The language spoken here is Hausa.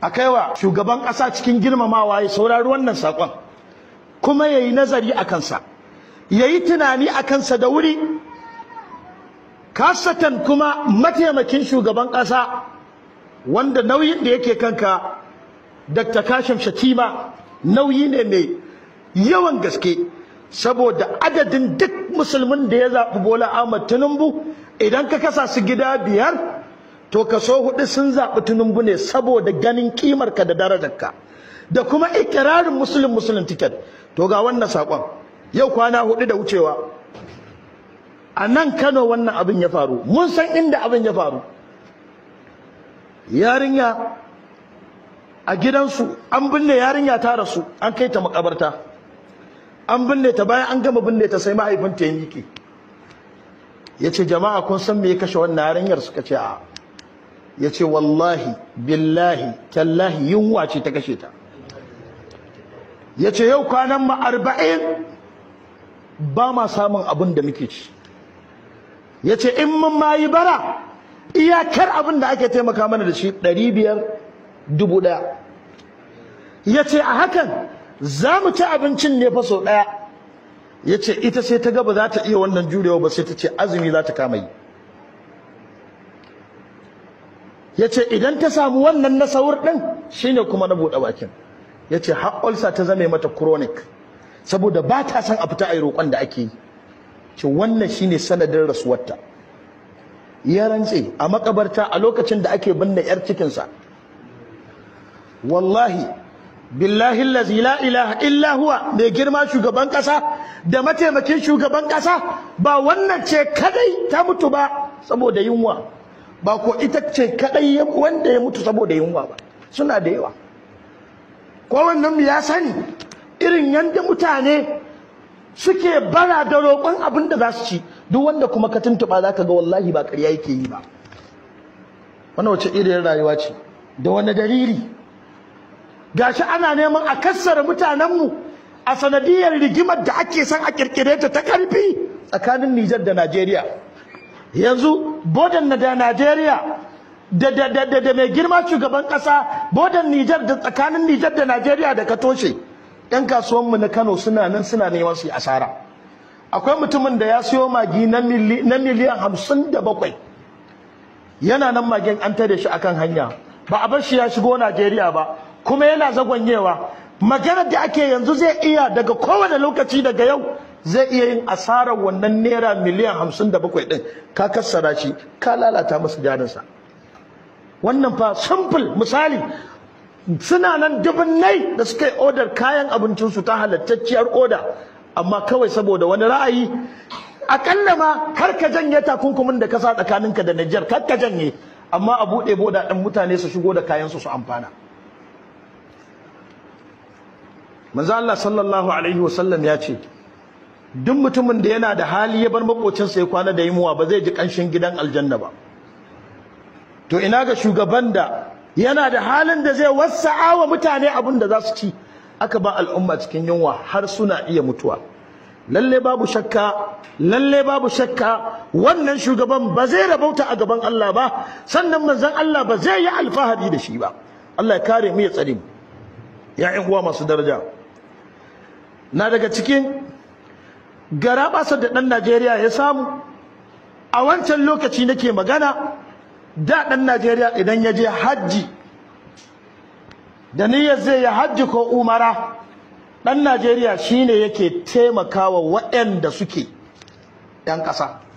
a kaiwa shugaban ƙasa cikin girmamawa ya saurari wannan saƙon kuma ya yi nazari a kansa ya yi tunani a kansa da wuri kasatan kuma mataimakin shugaban ƙasa wanda nauyin da yake kanka dr kashim shatima nauyi ne mai yawan gaske saboda adadin duk musulmin da ya zaɓi bola ahmad tinubu idan ka kasa su gida biyar to kaso hudu sun zaɓi tunun bune saboda ganin kimarka da darajarka da kuma ikirarin musulun musulun tiket to ga wannan saƙon yau kwana hudu da wucewa a nan kano wannan abin ya faru mun san inda abin ya faru yarinya a gidansu an binne yarinya ta rasu an kai ta makabarta an binne ta bayan an gama binne ta sai mahaifinta ya miƙe ya ce jama'a kun san me ya kashe wannan yarinyar suka ce a'a ya ce wallahi billahi tallahi yunwa ce ta kashe ta ya ce yau kwanan ma arba'in ba ma samun abin da muke ci ya ce in mun ma yi bara iyakar abin da ake taimaka mana da shi ɗari biyar dubu ɗaya ya ce a hakan za mu ci abincin ne fa sau ɗaya ya ce ita sai ta gaba za ta iya wannan jurewa ba sai ta ce azumi za ta kama yi yace idan ta samu wannan na ɗin din shine kuma na bude bakin yace har ulcer ta zame mata chronic saboda ba ta san a fita ai roƙon da ake yi ce wannan shine sanadin rasuwarta ya rantse a makabarta a lokacin da ake binne yar cikinsa wallahi billahi allazi la ilaha illa huwa mai girma shugaban kasa da mataimakin shugaban kasa ba wannan ce kadai ta mutu ba saboda yunwa ba ko ita ce kadai wanda ya mutu saboda yunwa ba suna da yawa ko wannan ya sani irin yadda mutane suke bara da roƙon abin da za su ci duk wanda kuma ka tuntuɓa za ka ga wallahi ba ƙarya yake yi ba wannan wace irin rayuwa ce da wani dalili gashi ana neman a kassara mutanenmu a sanadiyar rigimar da ake son a ƙirƙire ta ta ƙarfi tsakanin Nijar da Najeriya yanzu bodan na da Najeriya da mai girma shugaban ƙasa bodan Nijar da tsakanin Nijar da Najeriya da Katoshe yan kasuwanmu na Kano suna nan suna neman su asara akwai mutumin da ya siyo magi na miliyan hamsin da bakwai yana nan magin an tare shi akan hanya ba a bar shi ya shigo Najeriya ba kuma yana zagonyewa maganar da ake yanzu zai iya daga kowane lokaci daga yau zai iya yin asarar wannan naira miliyan hamsin da bakwai ɗin ka kassara shi ka lalata masa jarinsa wannan fa simple misali suna nan nai da suka yi odar kayan abincinsu ta halattacciyar oda amma kawai saboda wani ra'ayi akalla ma kar ka janye takunkumin da ka sa tsakaninka da Nijar kar ka janye amma a buɗe boda ɗin mutane su shigo da kayansu su amfana manzo Allah sallallahu alaihi wasallam ya ce duk mutumin da yana da hali ya bar makocinsa ya kwana da yimuwa ba zai ji kanshin gidan aljanna ba to ina ga shugaban da yana da halin da zai wasa'a wa mutane abin da za su ci aka ba al'umma cikin yunwa har suna iya mutuwa lalle babu shakka lalle babu shakka wannan shugaban ba zai rabauta a gaban Allah ba sannan manzon Allah ba zai yi alfahari da shi ba Allah ya kare mu ya tsare mu ya uwa masu daraja na daga cikin gara basar da ɗan Najeriya ya samu a wancan lokaci nake magana da ɗan Najeriya idan ya je hajji da niyyar zai ya hajji ko umara ɗan Najeriya shine yake taimakawa waɗanda suke ɗan ƙasa